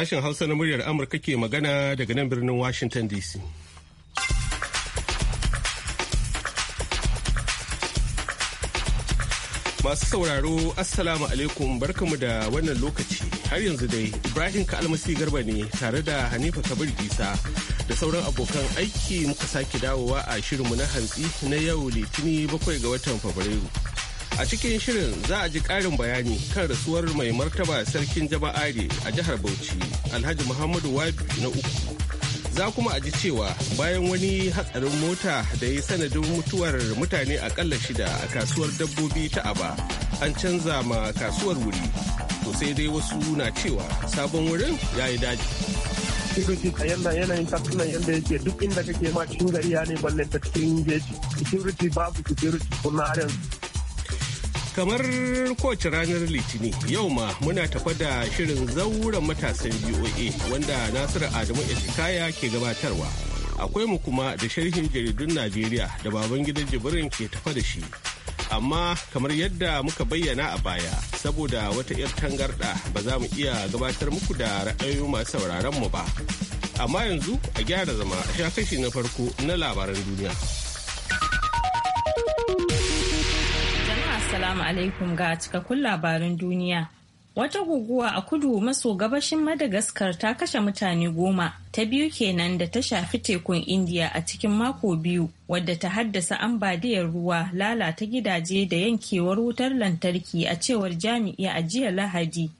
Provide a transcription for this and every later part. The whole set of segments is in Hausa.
Sashen Hausa na muryar Amurka ke magana daga nan birnin Washington DC. Masu sauraro, Assalamu alaikum barkamu da wannan lokaci. Har yanzu dai, Ibrahim Kalmasi Garba ne tare da Hanifa Kabir Isa da sauran abokan aiki muka sake dawowa a shirinmu na hantsi na yau Litini bakwai ga watan Fabrairu. A cikin shirin za a ji ƙarin bayani kan rasuwar mai martaba sarkin jama'are a jihar Bauchi Alhaji Muhammadu Wabi na uku. Za kuma a ji cewa bayan wani hatsarin mota da ya sanadin mutuwar mutane akalla shida a kasuwar dabbobi ta aba an canza ma kasuwar wuri. To sai dai wasu na cewa sabon wurin ya yi daji. yanda yanayin tafsirin yanda yake duk inda kake ma cikin gari ya ne balle ta cikin jeji security babu security kuma har kamar kowace ranar litini yau ma muna tafa da shirin zauren matasan boa wanda nasiru adamu ya ke gabatarwa akwai mu kuma da sharhin jaridun najeriya da baban gidan jibirin ke tafa da shi amma kamar yadda muka bayyana a baya saboda wata 'yar tangarda ba za mu iya gabatar muku da ra'ayoyi masu sauraron mu ba amma yanzu a gyara zama a sha kashi na farko na labaran duniya. Assalamu alaikum ga cikakkun labarin duniya. Wata guguwa a kudu maso gabashin Madagaskar ta kashe mutane goma ta biyu kenan da ta shafi tekun Indiya a cikin mako biyu wadda ta haddasa ambaliyar ruwa lalata gidaje da yankewar wutar lantarki a cewar jami'i a jiya Lahadi.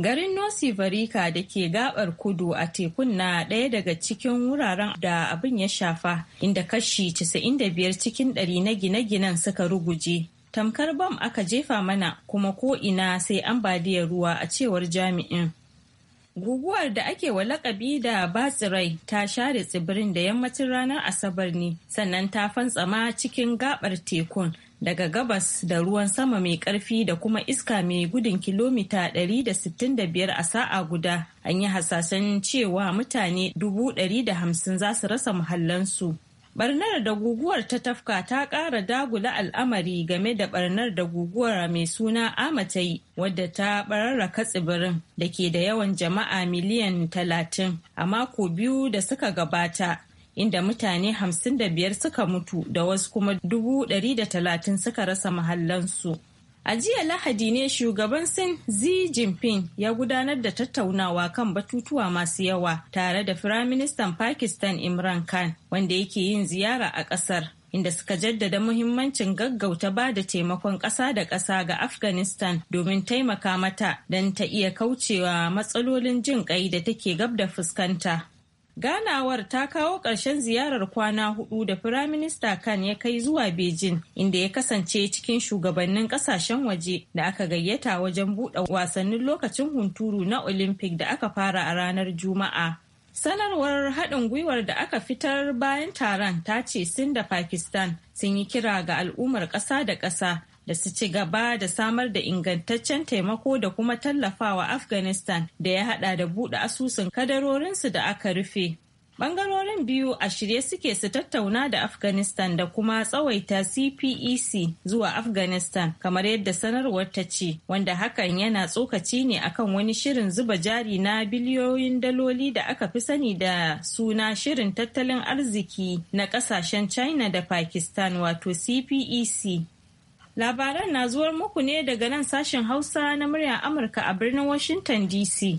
Garin Nosi Varika da ke gabar kudu a tekun na ɗaya daga cikin wuraren da abin ya shafa inda kashi 95 cikin ɗari na gine-ginen suka ruguje. tamkar bam aka jefa mana kuma ko ina sai ambaliyar ruwa a cewar jami'in guguwar da ake wa lakabi da batsirai ta share tsibirin da yammacin ranar asabar ne sannan ta fantsama cikin gabar tekun daga gabas da ruwan sama mai karfi da kuma iska mai gudun kilomita 165 a sa'a guda an yi hasashen cewa mutane 150 za su rasa muhallansu barnar da guguwar ta tafka ta ƙara dagula al'amari game da barnar da guguwar mai suna amatai wadda ta bararraka tsibirin da ke da yawan jama'a miliyan talatin a mako biyu da suka gabata inda mutane hamsin da biyar suka mutu da wasu kuma dubu ɗari da talatin suka rasa mahallansu. A jiya Lahadi ne shugaban Sin Xi Jinping ya gudanar da tattaunawa kan batutuwa masu yawa tare da Firaministan Pakistan Imran Khan wanda yake yin ziyara a ƙasar. Inda suka jaddada muhimmancin gaggauta ba da taimakon ƙasa da ƙasa ga Afghanistan domin taimaka mata don ta iya kaucewa matsalolin jin ƙai da take gab da fuskanta. Ganawar ta kawo ƙarshen ziyarar kwana hudu da Firaminista kan ya kai zuwa Beijing, inda ya kasance cikin shugabannin ƙasashen waje da aka gayyata wajen buɗe wasannin lokacin hunturu na Olympic da aka fara a ranar Juma'a. Sanarwar haɗin gwiwar da aka fitar bayan taron ta ce Sin da Pakistan sun yi kira ga al'ummar ƙasa da ƙasa da su ci gaba da samar da ingantaccen taimako da kuma tallafawa afghanistan da ya hada da buɗe asusun kadarorinsu da aka rufe Bangarorin biyu a shirye suke su tattauna da Afghanistan da kuma tsawaita CPEC e zuwa Afghanistan kamar yadda sanarwar ta ce, wanda hakan yana tsokaci ne akan wani shirin zuba jari na biliyoyin daloli da aka fi sani da suna shirin tattalin arziki na kasashen China da Pakistan wato CPEC Labaran na zuwar muku ne daga nan sashen Hausa na muryar Amurka a birnin Washington DC.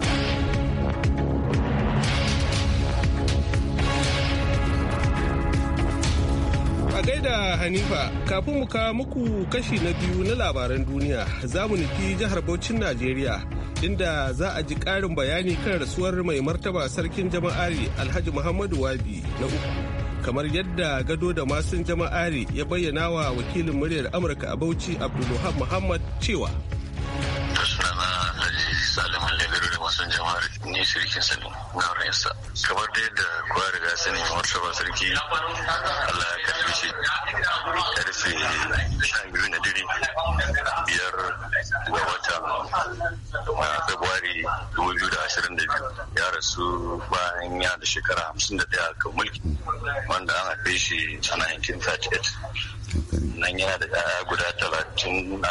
gaida Hanifa kafin mu kawo muku kashi na biyu na labaran duniya za mu nufi jihar Bauchin Najeriya inda za a ji ƙarin bayani kan rasuwar mai martaba sarkin jama'ari Alhaji Muhammadu Wabi na uku. kamar yadda gado da masun jama'ari ya bayyana wa wakilin muryar amurka a bauchi abdulluhab muhammad cewa sun jama'ar ne shirkin sani na rayuwarsa kamar da yadda kowa riga sani masu martaba sarki allah ya karfi shi karfe sha biyu na dare 2022 ya rasu bayan ya da shekara 51 ga mulki wanda an haife shi a 1938 nan yana da yaya guda 35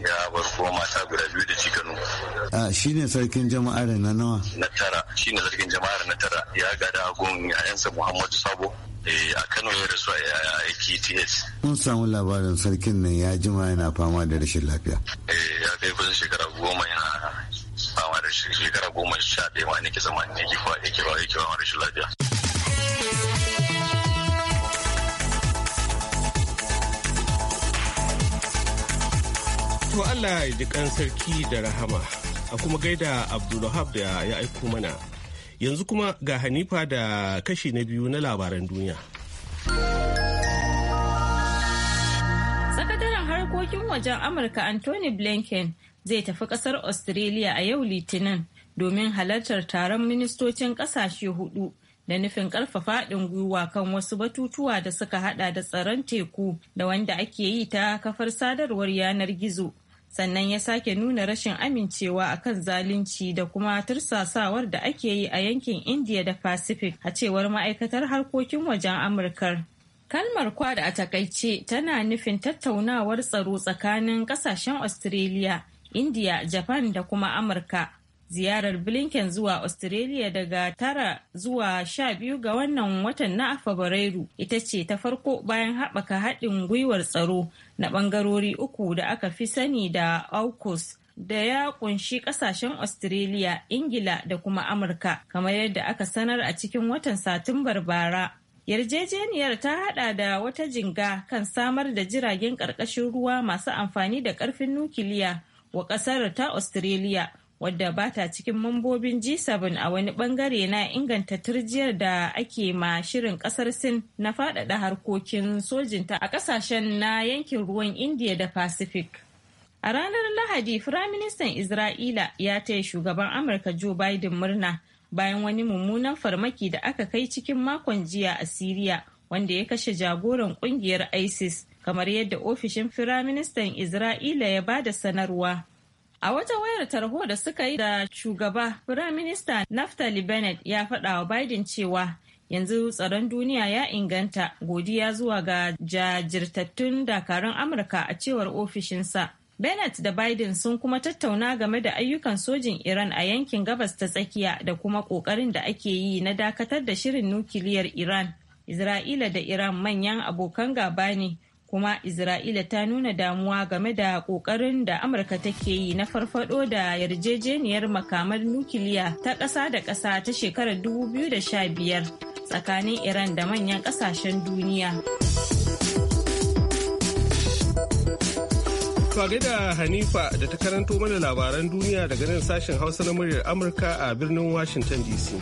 ya bar kuma mata guda biyu da cikanu. A shi ne sarkin jama'ar na nawa? Na tara shi ne sarkin jama'ar na tara ya gada agon yayansa Muhammadu Sabo eh, a Kano ya rasu a ts Mun samu labarin sarkin nan ya jima yana fama da rashin lafiya. Eh, ya kai kusan shekara goma yana fama da shi shekara goma sha ɗaya ma ne ke zama ne ke fama ke fama yake fama da shi lafiya. To Allah ya ji kan sarki da rahama a kuma gaida Abdulwahab da ya aiko mana. Yanzu kuma ga Hanifa da kashi na biyu na labaran duniya. Sakataren harkokin wajen amurka anthony blinken zai tafi kasar Australia a yau Litinin domin halartar taron ministocin kasashe hudu da nufin karfafa haɗin gwiwa kan wasu batutuwa da suka hada da tsaron teku da wanda ake yi ta kafar sadarwar yanar gizo. sannan ya sake nuna rashin amincewa a kan zalunci da kuma tursasawar da ake yi a yankin india da pacific a cewar ma'aikatar harkokin wajen amurkar kalmar kwada a takaice tana nufin tattaunawar tsaro tsakanin kasashen australia Indiya, japan da kuma amurka ziyarar blinken zuwa australia daga tara zuwa sha biyu ga wannan watan na fabrairu ita ce ta farko bayan haɓaka haɗin gwiwar tsaro na ɓangarori uku da aka fi sani da aukus da ya kunshi kasashen australia ingila da kuma amurka kamar yadda aka sanar a cikin watan satumbar bara yarjejeniyar ta hada da wata jinga kan samar da jiragen ƙarƙashin ruwa masu amfani da ƙarfin nukiliya wa kasar ta Australia wadda ba ta cikin mambobin G7 a wani bangare na inganta turjiyar da ake ma shirin kasar Sin na faɗaɗa harkokin sojinta a ƙasashen na yankin ruwan India da Pacific. A ranar Lahadi, Firaministan Isra'ila ya taya shugaban Amurka Joe Biden murna bayan wani mummunan farmaki da aka kai cikin makon jiya a Siriya wanda ya kashe jagoran kungiyar ISIS kamar yadda ofishin firaministan Isra'ila ya ba da sanarwa. A wata wayar tarho da suka yi da shugaba firaminista Naftali Bennett ya faɗa wa Biden cewa yanzu tsaron duniya ya inganta godiya zuwa ga jajirtattun dakarun Amurka a cewar ofishinsa. Bennett da Biden sun kuma tattauna game da ayyukan sojin Iran a yankin gabas ta tsakiya da kuma ƙoƙarin da ake yi na dakatar da shirin nukiliyar Iran. Isra'ila da Iran manyan abokan gaba ne kuma isra'ila ta nuna damuwa game da kokarin da amurka take yi na farfado da yarjejeniyar makamar nukiliya ta ƙasa da ƙasa ta shekarar 2015 tsakanin iran da manyan ƙasashen duniya Kwage da Hanifa da ta karanto mana labaran duniya daga nan sashen Hausa na muryar Amurka a birnin Washington DC.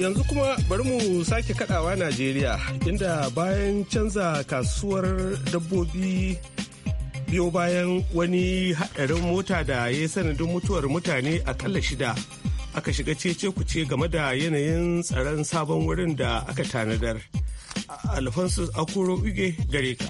yanzu kuma bari mu sake kadawa najeriya inda bayan canza kasuwar dabbobi biyo bayan wani haɗarin mota da ya yi sanadin mutuwar mutane akalla shida aka shiga cece ce game da yanayin tsaron sabon wurin da aka tanadar alfonso akuro uge gare ka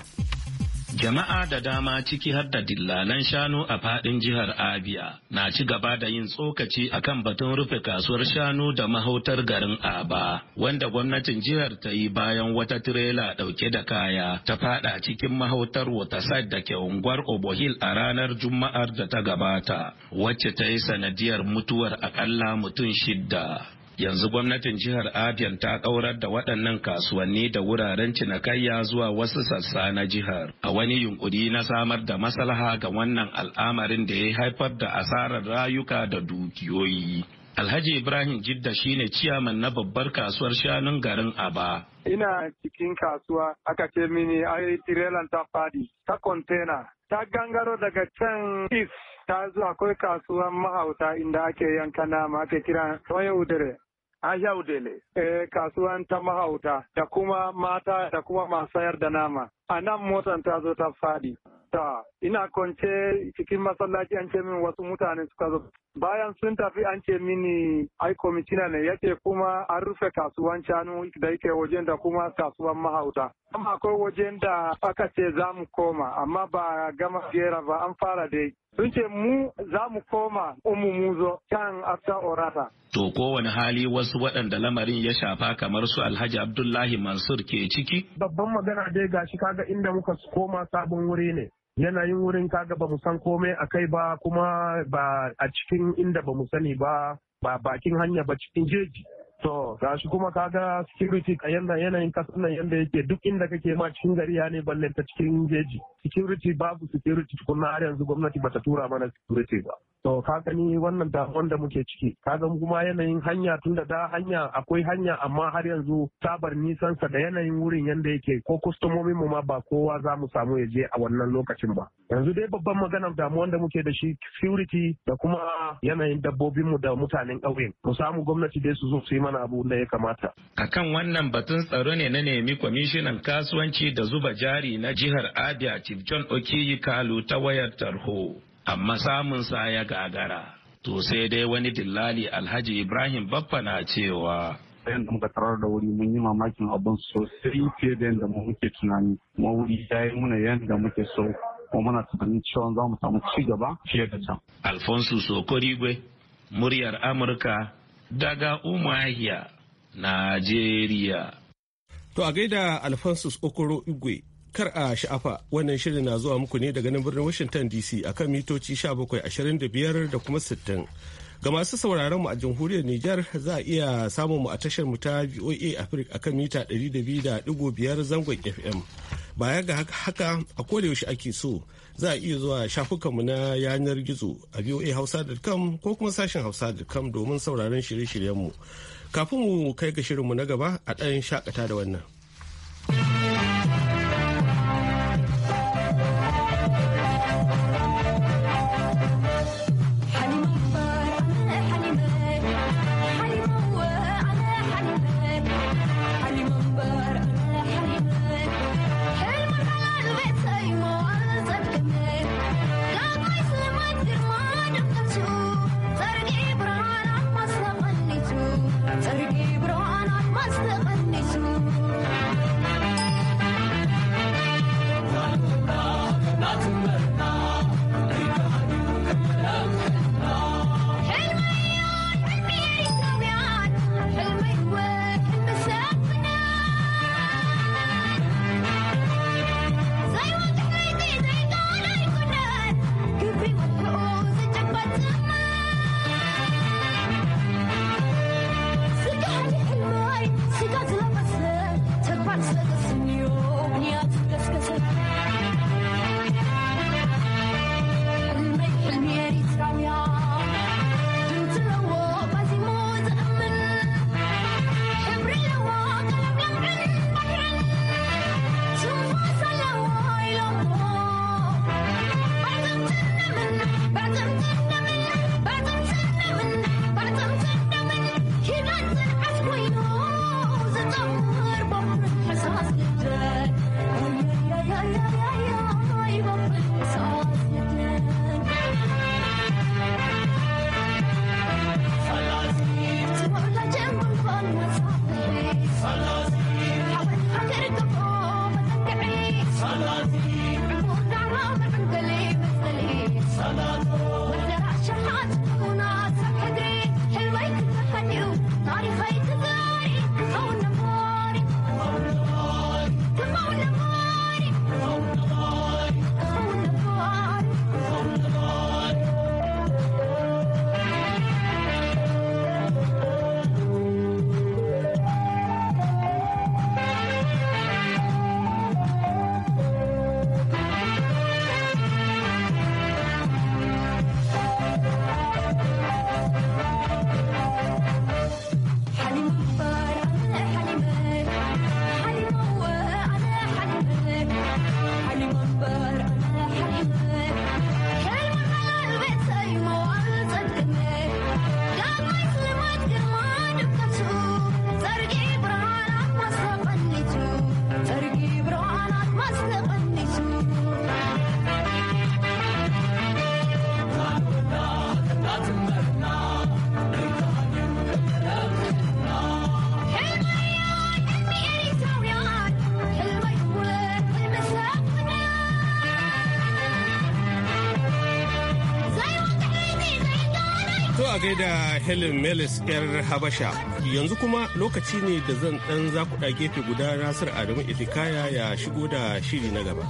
Jama'a da dama ciki har da dillalan shanu a faɗin jihar Abia na ci gaba da yin tsokaci akan batun rufe kasuwar shanu da mahautar garin Aba, wanda gwamnatin jihar ta yi bayan wata tirela ɗauke da kaya ta faɗa cikin mahautar Waterside da ke unguwar Obohil a ranar Juma'ar da ta gabata, wacce ta yi sanadiyar mutuwar akalla mutum shidda. yanzu gwamnatin jihar abia ta ƙaurar da waɗannan kasuwanni da wuraren cinikayya zuwa wasu sassa na jihar a wani yunkuri na samar da maslaha ga wannan al'amarin da ya haifar da asarar rayuka da dukiyoyi Alhaji Ibrahim Jidda shine ciyaman na babbar kasuwar shanun garin Aba. Ina cikin kasuwa aka ce mini ai tirelan ta fadi ta kontena ta gangaro daga can is ta zuwa akwai kasuwan mahauta inda ake yanka nama ake kira Toyo udare a yau dele eh, kasuwan ta mahauta da kuma mata da kuma masu sayar da nama a nan motan ta zo ta fadi ta ina kwance cikin masallaci an ce min wasu mutane suka zo bayan sun tafi an ce mini ai kwamitina ne yake kuma an rufe kasuwan Canu da yake wajen da kuma kasuwan mahauta amma akwai wajen da aka ce za mu koma amma ba gama gera ba an fara dai sun ce mu za mu koma umu muzo can after orata to kowane hali wasu waɗanda lamarin ya shafa kamar su alhaji abdullahi mansur ke ciki babban magana dai gashi kaga inda muka koma sabon wuri ne yanayin wurin kaga ba mu san komai a kai ba kuma ba a cikin inda ba mu sani ba ba bakin hanya ba cikin jeji to gashi kuma kaga security a yanda yanayin kasan nan yanda yake duk inda kake ma cikin gari ya ne balle ta cikin jeji security babu security tukunna har yanzu gwamnati bata tura mana security ba to ka gani wannan damuwan da muke ciki ka ga kuma yanayin hanya tun da hanya akwai hanya amma har yanzu sabar nisansa da yanayin wurin yanda yake ko kustomomin mu ma ba kowa za mu samu ya je a wannan lokacin ba yanzu dai babban maganar damuwan da muke da shi security da kuma yanayin dabbobin mu da mutanen ƙauyen mu samu gwamnati dai su zo su yi mana abu da ya kamata akan wannan batun tsaro ne na nemi kwamishinan kasuwanci da zuba jari na jihar Abia Chief John Okiyi Kalu ta wayar tarho amma samun sa ya gagara to sai dai wani dillali alhaji ibrahim baffa na cewa da muka tarar da wuri mun yi mamakin abin sosai fiye da yadda muke tunani kuma wuri ya yi muna yadda muke so kuma muna tunanin cewa za mu samu ci gaba fiye da can. alfonso sokorigwe muryar amurka daga Umahiya najeriya to a gaida alfonso okoro Kar a sha'afa wannan shirin na zuwa muku ne daga nan birnin Washington DC akan mitoci 1725 da kuma 60. Ga masu sauraron mu a jamhuriyar Nijar za a iya samun mu a tashar mu ta VOA Africa akan mita 200.5 zangon FM. Baya ga haka a yaushe ake so za a iya zuwa shafukanmu na yanar gizo a voahausa.com ko kuma sashen hausa.com domin sauraron shirye-shiryenmu. Kafin mu kai ga shirinmu na gaba a ɗan shakata da wannan. a gaida Helen Melis 'yar Habasha. Yanzu kuma lokaci ne da zan ɗan zakuɗa gefe guda Nasir Adamu Itikaya ya shigo da shiri na gaba.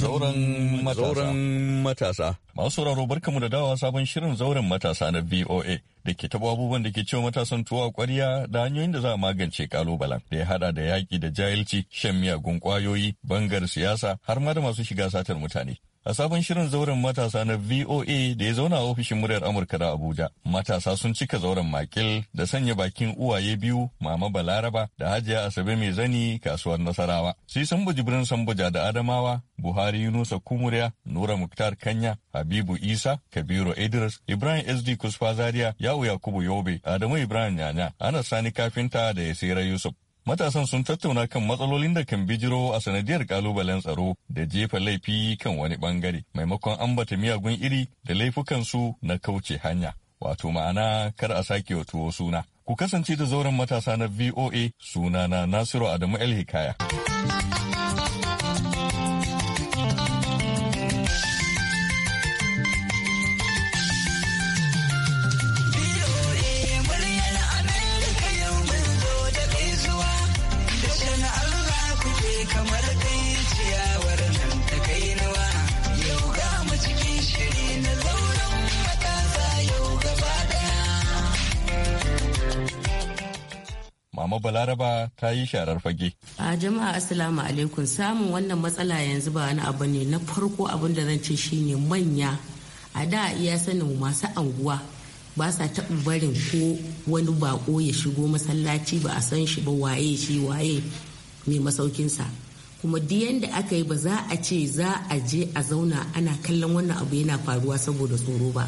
Zauren matasa. Masu sauraro barkamu da dawa sabon shirin zauren matasa na VOA da ke taɓa abubuwan da ke cewa matasan tuwa kwariya da hanyoyin da za a magance kalubalen da ya haɗa da yaƙi da jahilci, shan miyagun ƙwayoyi, bangar siyasa har ma da masu shiga satar mutane. A sabon shirin zauren matasa na VOA da ya zauna a ofishin muryar Amurka da Abuja, matasa sun cika zauren makil da sanya bakin uwaye biyu, Mama Balaraba da Hajiya Asabe mai zani kasuwar Nasarawa. Sai Sambo birnin Sambuja da Adamawa, Buhari Yunusa Kumuriya, Nura Muktar Kanya, Habibu Isa, Kabiru Idris, Ibrahim SD Kusfa Zaria, Yawu Yakubu Yobe, Adamu Ibrahim Yanya, Ana Sani Kafinta da Yasira Yusuf. Matasan sun tattauna kan matsalolin da kan bijiro a sanadiyar kalubalen tsaro da jefa laifi kan wani bangare maimakon ambata miyagun iri da laifukansu na kauce hanya. Wato ma'ana kar a sake wa tuwo suna. Ku kasance da zauren matasa na VOA sunana Nasiru Adamu El Hikaya. Mama Balaraba ta yi sharar fage. A jama'a Assalamu alaikum samun wannan matsala yanzu ba wani abu ne na farko abin da zan ce shine manya a da iya sanin masu anguwa ba sa taɓa barin ko wani bako ya shigo masallaci ba a san shi ba waye shi waye mai masaukinsa kuma duk yadda aka yi ba za a ce za a je a zauna ana kallon wannan abu yana faruwa saboda tsoro ba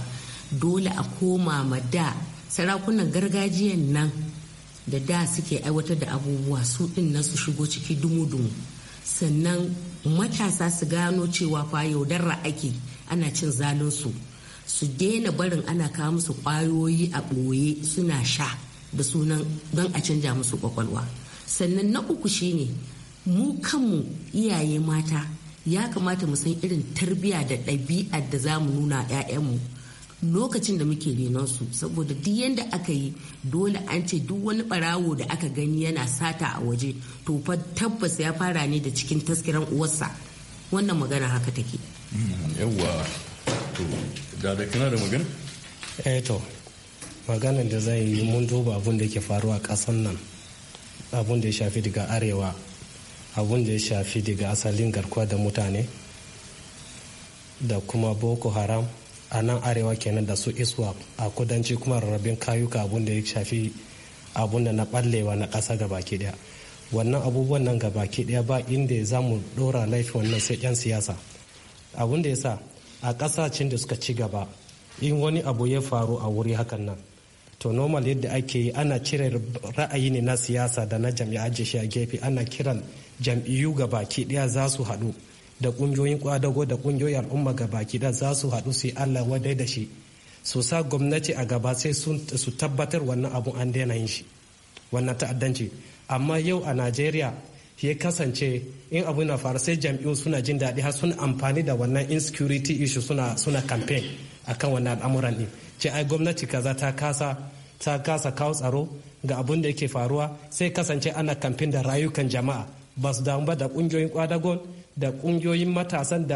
dole a koma ma da sarakunan gargajiyan nan da da suke aiwatar da abubuwa su ɗin nan su shigo ciki dumu-dumu sannan matasa su gano cewa fa yaudarra ake ana cin zalunsu su daina barin ana kawo musu kwayoyi a ɓoye suna sha da sunan don a canja musu kwakwalwa sannan na uku shine mu kanmu iyaye mata ya kamata mu san irin tarbiyya da ɗabi'ar da za mu nuna 'ya'yanmu lokacin da muke renon su saboda duk yadda aka yi dole an ce duk wani barawo da aka gani yana sata a waje to fa tabbas ya fara ne da cikin taskiran uwarsa wannan magana haka take mm, yawwa to da da kana da magana eh to maganar da zan yi mun duba abun da yake faruwa a ƙasar nan abun da ya shafi daga arewa abun da ya shafi daga asalin garkuwa da mutane da kuma boko haram a nan arewa kenan da su iswa a kudanci kuma rarrabin kayuka abun da ya shafi abun da na ballewa na ƙasa baki ɗaya wannan abubuwan nan ga baki ɗaya ba inda za mu ɗora laifin wannan sai 'yan siyasa abun da ya sa a ƙasashen da suka ci gaba in wani abu ya faru a wuri hakan nan to normal yadda ake yi ana cire ra'ayi ne na siyasa da na jami'a shi a gefe ana kiran jam'iyyu ga baki ɗaya za su haɗu da kungiyoyin kwadago da kungiyoyin al'umma ga baki da za su haɗu su yi allah wadai da shi su sa gwamnati a gaba sai su tabbatar wannan abu an daina yin shi wannan ta'addanci amma yau a najeriya ya kasance in abu na faru sai jam'iyyu suna jin daɗi har suna amfani da wannan insecurity issue suna suna campaign akan wannan al'amuran din ce ai gwamnati kaza ta kasa ta kasa kawo tsaro ga abun da yake faruwa sai kasance ana kamfen da rayukan jama'a ba su damu ba da kungiyoyin kwadagon da kungiyoyin matasan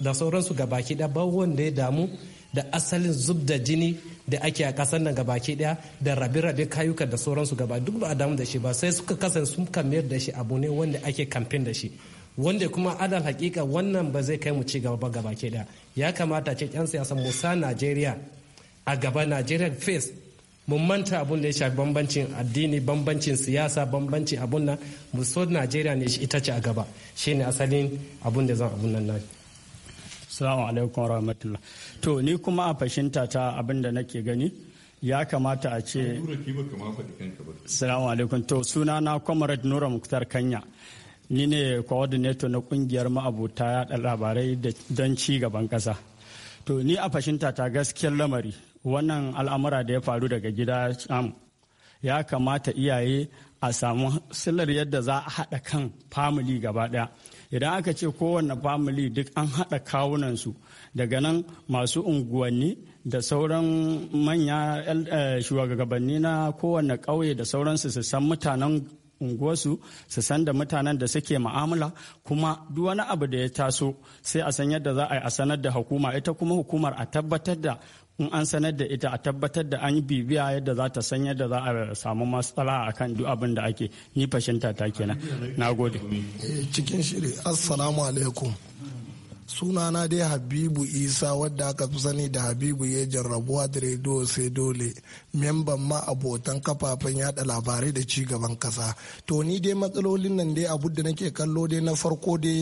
da sauransu gabaki ɗaya ba wanda ya damu da asalin zub da jini da ake a ƙasar nan gabaki ɗaya da rabe-rabe kayuka da sauransu gaba duk ba a damu da shi ba sai suka kasance sun kamar da shi abu ne wanda ake kamfen da shi wanda kuma adal hakika wannan ba zai kai mu ci gaba gabaki ke ya kamata ce yan siyasa musa najeriya a gaba najeriya face mun manta abun da ya shafi bambancin addini bambancin siyasa bambancin abun nan mu so najeriya ne ita ce a gaba shine asalin abun da zan abun nan na salamu alaikum wa rahmatullah. To ni kuma a fashinta ta abin da nake gani ya kamata a ce. salamu alaikum. To suna na Comrade Nura Muktar Kanya. Ni ne coordinator na kungiyar ma'abuta yaɗa labarai don ci gaban ƙasa. To ni a fashinta ta gaskiyar lamari wannan al'amura da ya faru daga gida ya kamata iyaye a samu silar yadda za a haɗa kan famili gaba ɗaya idan aka ce kowane famili duk an haɗa kawunansu daga nan masu unguwanni da sauran manya eh, shugabanni na kowane ƙauye da sauransu su san mutanen unguwarsu su san da mutanen da suke ma'amala kuma duk wani abu da ya taso sai a san yadda za a yi a sanar da hukuma ita kuma hukumar a tabbatar da in an sanar da ita a tabbatar da an yi bibiya yadda za ta san yadda za a samu matsala a kan duk abin da ake ni fashinta ta kenan na gode eh, cikin shiri assalamu alaikum sunana dai habibu isa wadda aka fi sani da habibu ya jarrabuwa da rediyo sai dole memban ma abotan kafafen yada labarai da ci gaban kasa to ni dai matsalolin nan dai abu da nake kallo dai na farko dai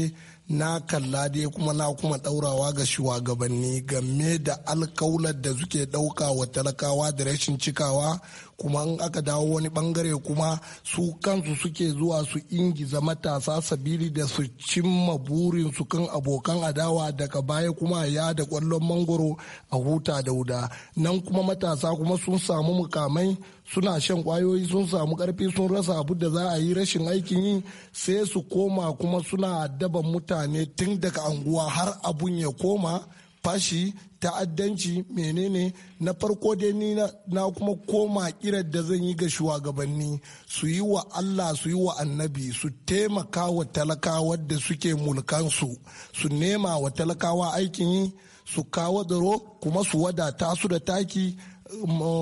na kalla dai kuma na kuma ɗaurawa ga shugabanni game da alkaular da suke ɗauka wa talakawa da rashin cikawa kuma in aka dawo wani bangare kuma su kansu suke zuwa su ingiza matasa sabili da su cimma burin su kan abokan adawa daga baya kuma ya da kwallon mangoro a huta da wuda nan kuma matasa kuma sun samu mukamai suna shan kwayoyi sun samu karfi sun rasa abu da za a yi rashin aikin yi sai su koma kuma suna daban mutane tun daga anguwa har abun ya koma fashi ta'addanci menene na farko dai ni na kuma koma kirar da zan yi ga shugabanni su yi wa Allah su yi wa annabi su taimaka wa talakawa da suke mulkansu su nema wa talakawa aikin yi su kawo tsaro kuma su wadata su da taki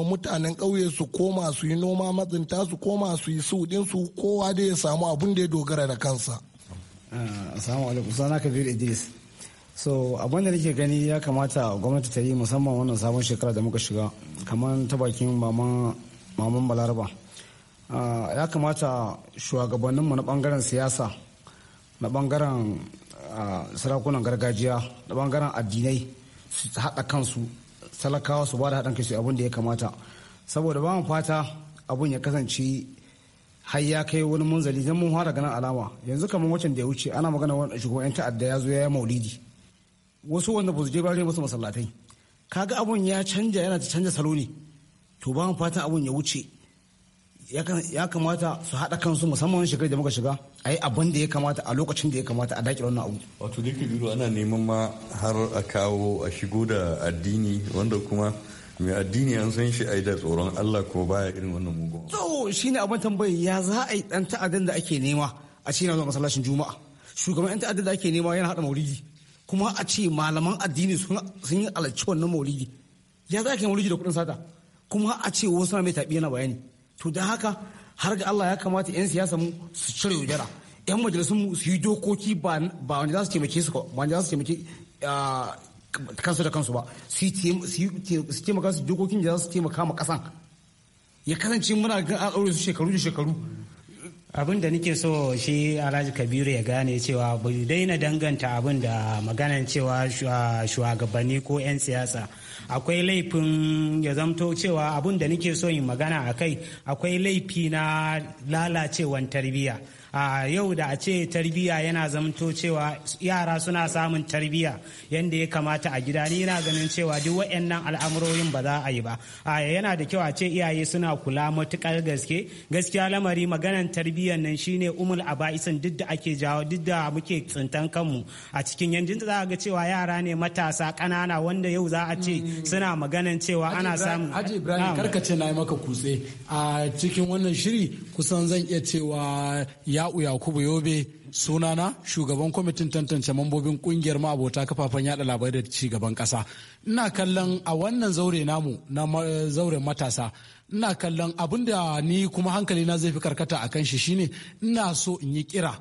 mutanen ƙauye su koma su yi noma matsinta su koma su yi din su kowa da ya samu abun da ya dogara da kansa. Ah, assalamu alaikum sana Kabir Idris. So abin da nake gani ya kamata gwamnati ta yi musamman wannan sabon shekara da muka shiga kamar ta bakin maman Balaraba. Ah, ya kamata shugabanninmu na bangaren siyasa na bangaren ah, sarakunan gargajiya na bangaren addinai su haɗa kansu talakawa su ba da haɗin kai abin da ya kamata saboda ba mu fata abin ya kasance har ya kai wani munzali don mun fara ganin alama yanzu kamar wacan da ya wuce ana magana wani shugaban yan ta'adda ya zo ya yi maulidi wasu wanda ba su je ba ne masu masallatai kaga abun ya canja yana ta canja salo ne to ba mu fata abun ya wuce ya kamata su haɗa kansu musamman shekaru da muka shiga a yi abin da ya kamata a lokacin da ya kamata a daƙi wannan abu. wato dukkan biro ana neman ma har a kawo a shigo da addini wanda kuma mai addini an san shi a yi da tsoron Allah ko baya irin wannan mugun. to ne abin tambayi ya za a yi ɗan ta'addan da ake nema a ce na zuwa masallacin juma'a shugaban ɗan ta'addan da ake nema yana haɗa maulidi kuma a ce malaman addini sun yi halarci wannan maulidi ya za a kai maulidi da kuɗin sata kuma a ce wasu na mai taɓi yana bayani. to da haka har ga Allah ya kamata 'yan siyasa mu su cire yaudara 'yan majalisun mu su yi dokoki ba wanda za su taimake su ba wanda za su taimake ah, kansu da kansu ba su taimaka su dokokin da za su taimaka ma kasan ya kasance muna ga al'aure su shekaru da shekaru abin da nake so shi alhaji kabiru ya gane cewa bai daina danganta abin da maganan cewa shugabanni ko 'yan siyasa akwai laifin ya zamto cewa abin da nake so yin magana akai akwai laifi na lalacewan tarbiyya a yau da a ce tarbiya yana zamanto cewa yara suna samun tarbiya yadda ya kamata a gida ni yana ganin cewa duk waɗannan al'amurorin ba za a yi ba a yana da kyau a ce iyaye suna kula matukar gaske gaskiya lamari maganan tarbiyyar nan shine umul aba'isin duk da ake jawo duk da muke tsintan kanmu a cikin yanzu za a ga cewa yara ne matasa ƙanana wanda yau za a ce suna maganan cewa ana samun Haji Ibrahim karkace na yi maka kutse a cikin wannan shiri kusan zan iya cewa ya ya'u yakubu yobe sunana shugaban kwamitin tantance mambobin kungiyar ma'abota kafafen yada labarai da ci gaban kasa ina kallon a wannan zaure namu na zauren matasa ina kallon abin da ni kuma hankali na zai fi karkata a kan shi shine ina so in yi kira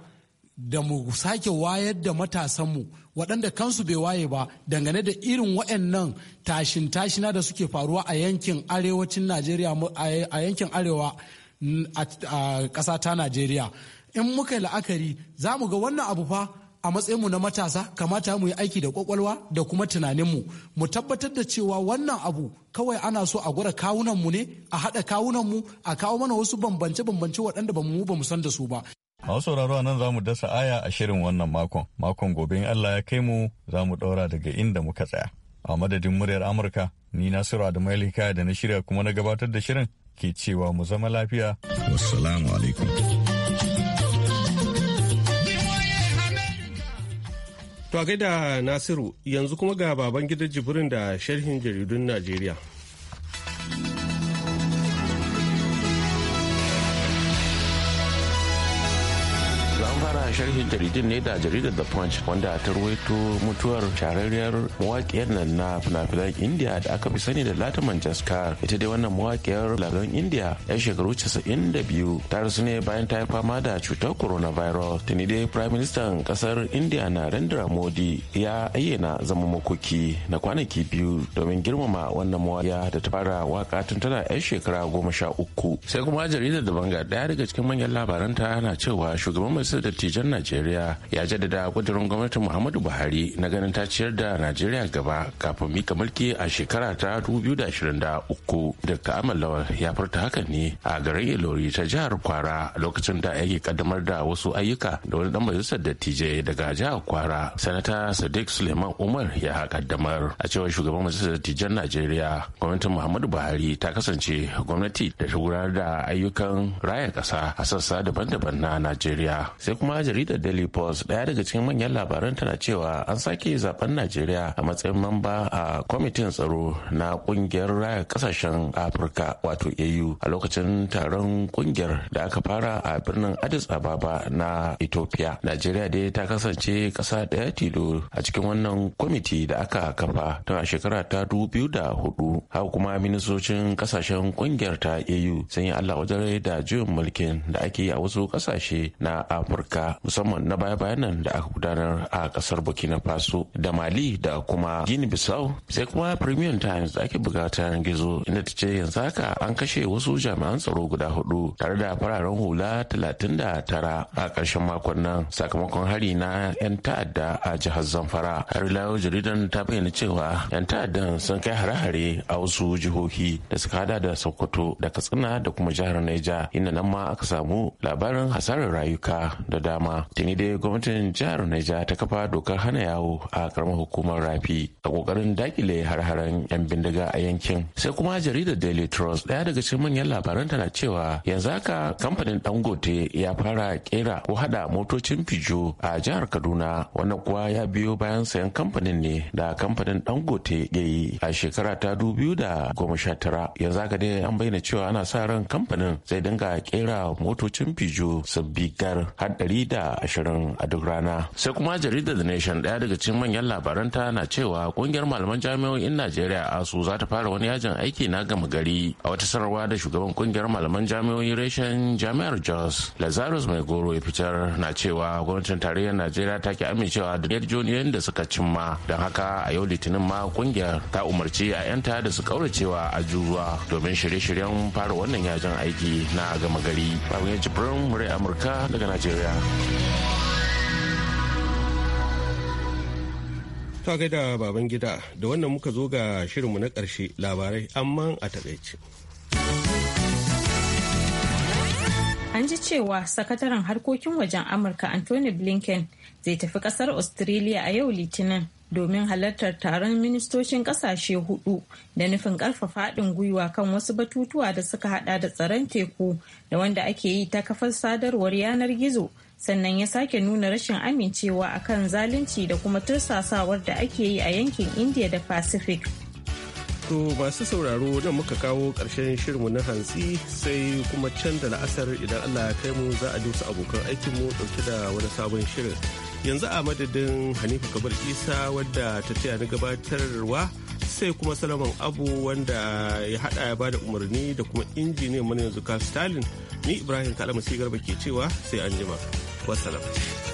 da mu sake wayar da matasanmu waɗanda kansu bai waye ba dangane da irin waɗannan tashin tashina da suke faruwa a yankin arewacin najeriya a yankin arewa a ƙasa ta najeriya in muka yi la'akari za mu ga wannan abu fa a matsayinmu na matasa kamata mu yi aiki da kwakwalwa da kuma tunaninmu mu tabbatar da cewa wannan abu kawai ana so a gura kawunanmu ne a haɗa kawunanmu a kawo mana wasu bambance-bambance waɗanda ba mu ba mu san da su ba. A wasu sauraro nan za mu dasa aya a shirin wannan makon. Makon gobe in Allah ya kai mu za mu ɗaura daga inda muka tsaya. A madadin muryar Amurka, ni Nasiru Adamu da na shirya kuma na gabatar da shirin ke cewa mu zama lafiya. Wassalamu alaikum. To a gaida Nasiru yanzu kuma ga baban gidan jibrin da sharhin jaridun Najeriya. sharhin jaridin ne da jaridar The Punch wanda ta ruwaito mutuwar shahararriyar mawaƙiyar nan na fina-finan India da aka fi sani da Lata Manjaskar. Ita dai wannan mawaƙiyar lagan India ya shekaru 92 ta rasu ne bayan ta yi fama da cutar coronavirus. Tuni dai Prime Minister kasar India Narendra Modi ya ayyana zama makoki na kwanaki biyu domin girmama wannan mawaƙiya da ta fara waka tun tana 'yan shekara goma sha uku. Sai kuma jaridar da banga ɗaya daga cikin manyan labaranta na cewa shugaban majalisar dattijan arewacin najeriya ya jaddada kudurin gwamnatin muhammadu buhari na ganin ta ciyar da najeriya gaba kafin mika mulki a shekara ta 2023 dr amal lawal ya furta hakan ne a garin ilori ta jihar kwara lokacin da yake kaddamar da wasu ayyuka da wani dan majalisar dattijai daga jihar kwara sanata sadiq suleiman umar ya kaddamar a cewar shugaban majalisar dattijan najeriya gwamnatin muhammadu buhari ta kasance gwamnati da ta gudanar da ayyukan raya kasa a sassa daban-daban na najeriya sai kuma jaridar daily post daya daga cikin manyan labaran tana cewa an sake zaben najeriya a matsayin mamba a kwamitin tsaro na kungiyar raya kasashen afirka wato au a lokacin taron kungiyar da aka fara a birnin addis ababa na ethiopia najeriya dai ta kasance kasa daya tilo a cikin wannan kwamiti da aka kafa tun a shekara ta dubu da hudu haka kuma ministocin kasashen kungiyar ta au sun yi allah wajen da juyin mulkin da ake yi a wasu kasashe na afirka musamman na baya-bayan nan da aka gudanar a kasar burkina faso da mali da kuma gini bissau sai kuma premium times ake buga ta gizo inda ta ce yanzu haka an kashe wasu jami'an tsaro guda hudu tare da fararen hula talatin da tara a ƙarshen makon nan sakamakon hari na 'yan ta'adda a jihar zamfara har layo jaridan ta bayyana cewa 'yan ta'addan sun kai hare-hare a wasu jihohi da suka hada da sokoto da katsina da kuma jihar naija inda nan ma aka samu labarin hasarar rayuka da dama dama tuni dai gwamnatin jihar Niger ta kafa dokar hana yawo a karamar hukumar rafi a kokarin dakile har yan bindiga a yankin sai kuma jaridar daily trust daya daga cikin manyan labaran tana cewa yanzu haka kamfanin dangote ya fara kera ko hada motocin fijo a jihar kaduna wannan kuwa ya biyo bayan sayan kamfanin ne da kamfanin dangote ya yi a shekara ta dubu da goma tara yanzu haka dai an bayyana cewa ana sa ran kamfanin zai dinga kera motocin fijo sabbi gar har ashirin a duk rana sai kuma jaridar the nation daya daga cikin manyan labaranta na cewa kungiyar malaman jami'o'in najeriya asu za ta fara wani yajin aiki na gama gari a wata sanarwa da shugaban kungiyar malaman jami'o'in reshen jami'ar jos lazarus mai goro ya fitar na cewa gwamnatin tarayyar najeriya ta ki amincewa da yarjejeniyoyin da suka cimma don haka a yau litinin ma kungiyar ta umarci a 'yanta da su kauracewa juruwa domin shirye-shiryen fara wannan yajin aiki na gama gari Babu yanci Brown, murai amurka daga najeriya Ta gaida baban gida da wannan muka zo ga shirinmu na ƙarshe labarai amma a taƙaice. An ji cewa sakataren harkokin wajen Amurka Anthony Blinken zai tafi ƙasar Australia a yau Litinin domin halartar taron ministocin ƙasashe hudu da nufin ƙarfafa haɗin gwiwa kan wasu batutuwa da suka hada da tsaron teku da wanda ake yi ta kafar sadarwar yanar gizo sannan ya sake nuna rashin amincewa a kan zalunci da kuma tursasawar da ake yi a yankin india da pacific To masu sauraro nan muka kawo karshen shirinmu na hantsi sai kuma can da la'asar idan Allah ya kai mu za a dusa wasu abokan aikinmu dauke da wani sabon shirin. Yanzu a madadin Hanifa Kabar Isa wadda ta taya ni gabatarwa sai kuma Salaman Abu wanda ya haɗa ya bada umarni da kuma injiniyan mana yanzu Stalin ni Ibrahim Kalamu Garba ke cewa sai an jima. wasalam.